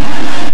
Amen.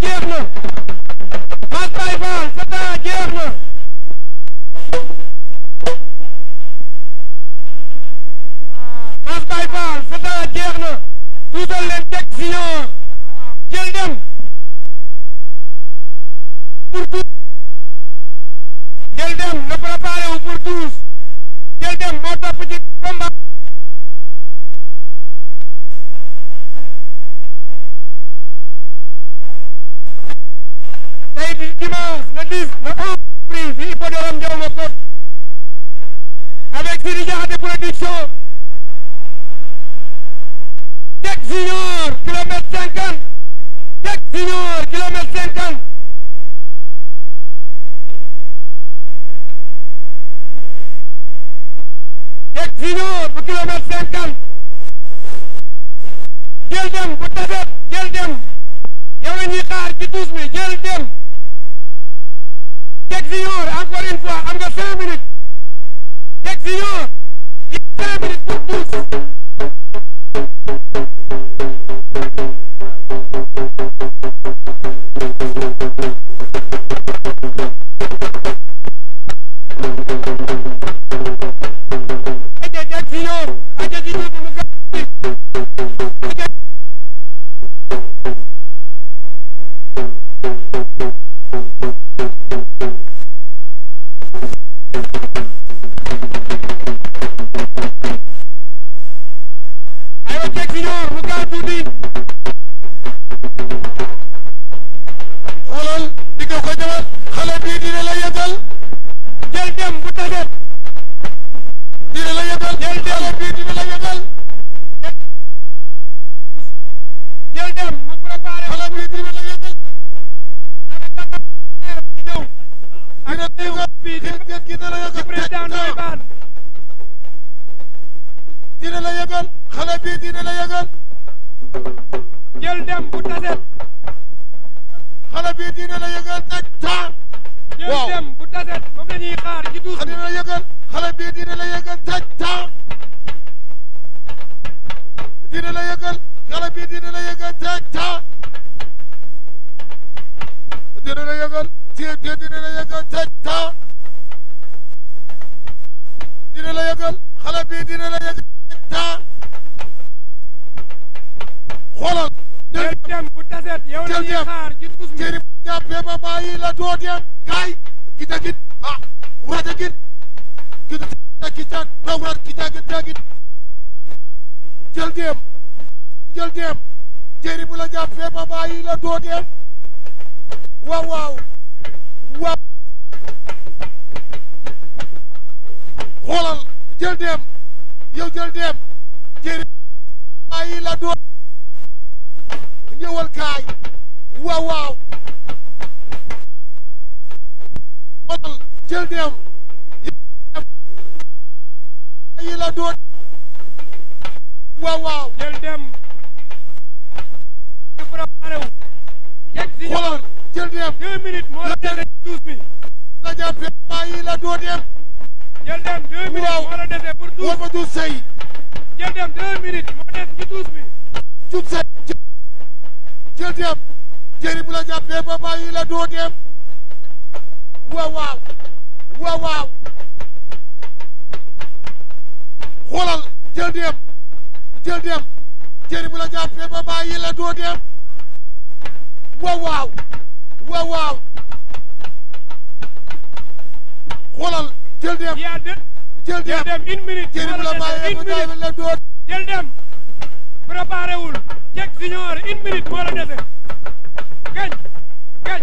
jeex na Mass Baye Fall sa temps jeex na Mass Baye Fall sa temps jeex na tuutal leen dem pour tous jël dem na préparé pour tous jël dem moo topp ci combat c'est du dimanche le 10 le 11 avril ci hippodrome Ndiago Kote avec Sidi Diakhaté production Jack Junior kilomètre 50 Jack Junior kilomètre 50 Jack Junior bu kilomètre 50 jël dem bu tafet jël dem yow la ñuy xaar ci tuus mi jël dem. Quelques jours, encore une fois, am nga cinq minutes. Quelques jours, cinq minutes pour tous. Thank you. xaar ji duus dina la yëgal xale bii dina la yëgal taj taam dina la yëgal xale bii dina la yëgal taj taam dina la yëgal ceeb bi dina la yëgal taj taam dina la yëgal xale bii dina la yëgal taj taam xoolal dem bu taset yow la ñuy xaar ci douze mille jëri jàppee ba bàyyi la doo dem kaay gita git ah Wada git, kita kita rawar kita kita git. Jël dem, Jëri bu la jàpp fee ba la doo Waaw waaw. Waaw. Xoolal jël dem. Yow Jëri bàyyi la doo. Ñëwal kaay. Waaw waaw. Xoolal. jël deem yi la doon waaw waaw jël deem ñu préparé wu jeg si xoolal jël deem deux minutes moo la dese douze mi la jàppee maa yi la doon dem jël deem deux minutes moo la dese pour douze ma douze sey jël deem deux minutes moo des ci douze mi jub sey jël deem jëri bu la jàppee ba maa yi la doon dem waaw waaw waaw waaw xoolal jël dem jël jëri bu la jàppee ba bàyyi la doo waaw waaw waaw xoolal jël dem jëri bu la bàyyee ba bàyyi la doo jël dem préparé wul jeg une minute moo la dese gañ gañ